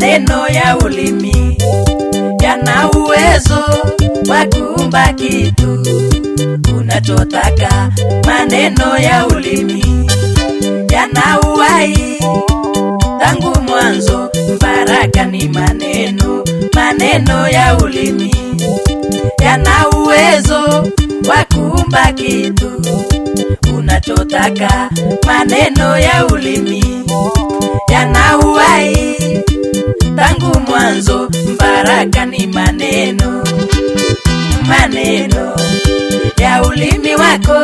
maneno ya ulimi yana uwezo wa kuumba kitu unachotaka. Maneno ya ulimi yana uhai tangu mwanzo, baraka ni maneno. Maneno ya ulimi yana uwezo wa kuumba kitu unachotaka. Maneno ya ulimi mwanzo, mbaraka ni maneno, maneno ya ulimi wako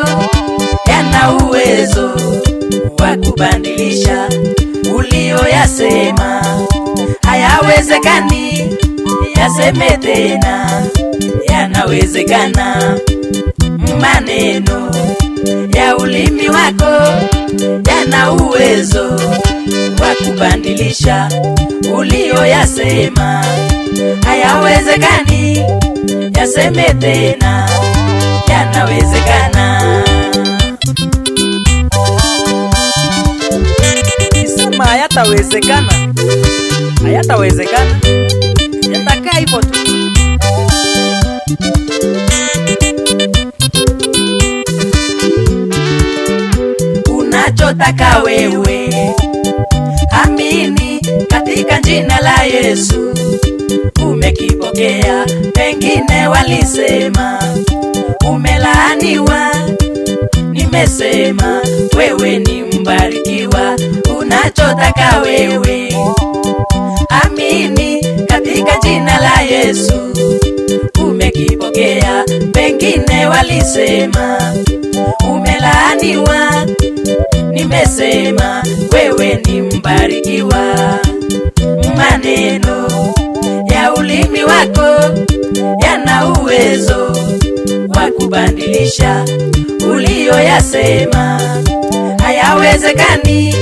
yana uwezo wa kubadilisha ulioyasema. Hayawezekani yaseme tena, yanawezekana, maneno ya ulimi wako kubadilisha uliyoyasema. Hayawezekani, yaseme tena, yanawezekana. Sema hayatawezekana, hayatawezekana, yatakaa hivyo tu. Unachotaka wewe jina la Yesu umekipokea. Pengine walisema umelaaniwa, nimesema wewe ni mbarikiwa. Unachotaka wewe, amini katika jina la Yesu umekipokea. Pengine walisema umelaaniwa, nimesema wewe ni mbarikiwa maneno ya ulimi wako yana uwezo wa kubadilisha uliyoyasema. Hayawezekani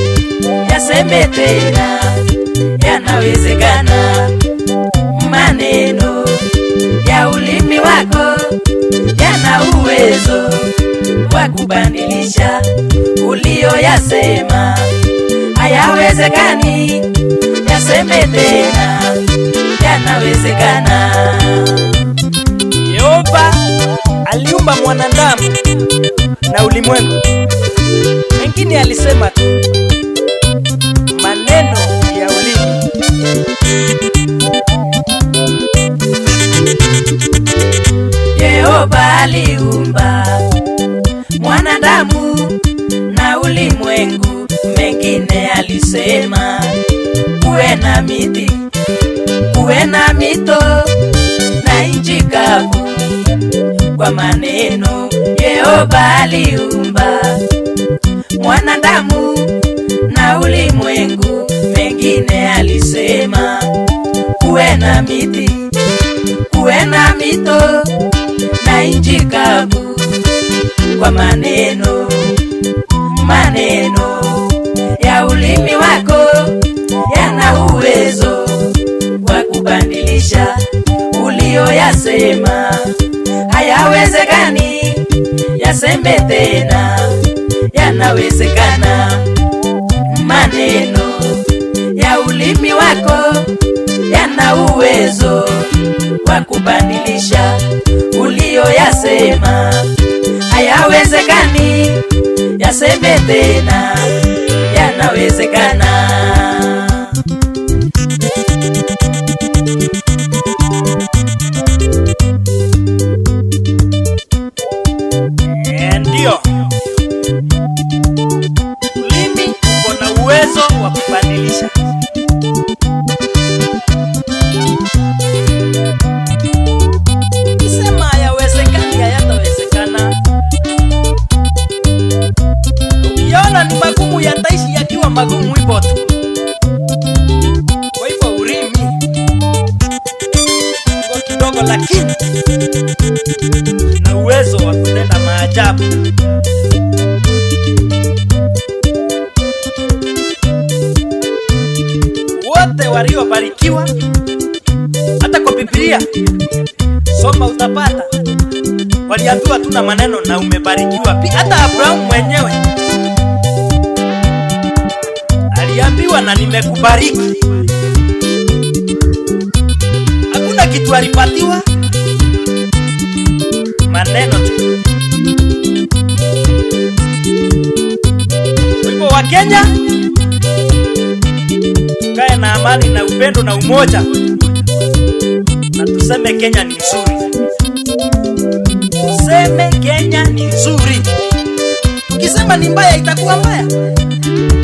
yaseme tena, yanawezekana. Maneno ya ulimi wako yana uwezo wa kubadilisha uliyoyasema. Hayawezekani Yaseme tena yanawezekana. Yehova aliumba mwanadamu na ulimwengu, mengine alisema tu maneno ya ulimi. Yehova aliumba mwanadamu na ulimwengu mwingine alisema kuwe na miti, kuwe na mito na nchi kavu, kwa maneno Yehova aliumba mwanadamu na ulimwengu. Mengine alisema kuwe na miti, kuwe na mito na nchi kavu, kwa maneno maisha uliyoyasema hayawezekani, yaseme tena, yanawezekana. Maneno ya ulimi wako yana uwezo wa kubadilisha uliyoyasema hayawezekani, yaseme tena, yanawezekana. ndio ulimi uko na uwezo wa kubadilisha ni magumu, yataishi yakiwa tu. Kwa hivyo kidogo, lakini ajabu. Wote waliobarikiwa, hata kwa Biblia soma utapata, waliambiwa tuna maneno na umebarikiwa pia. Hata Abrahamu mwenyewe aliambiwa na nimekubariki. Hakuna kitu alipatiwa maneno kenya tukae na amani na upendo na umoja, na tuseme Kenya ni nzuri, tuseme Kenya ni nzuri. Tukisema ni mbaya itakuwa mbaya.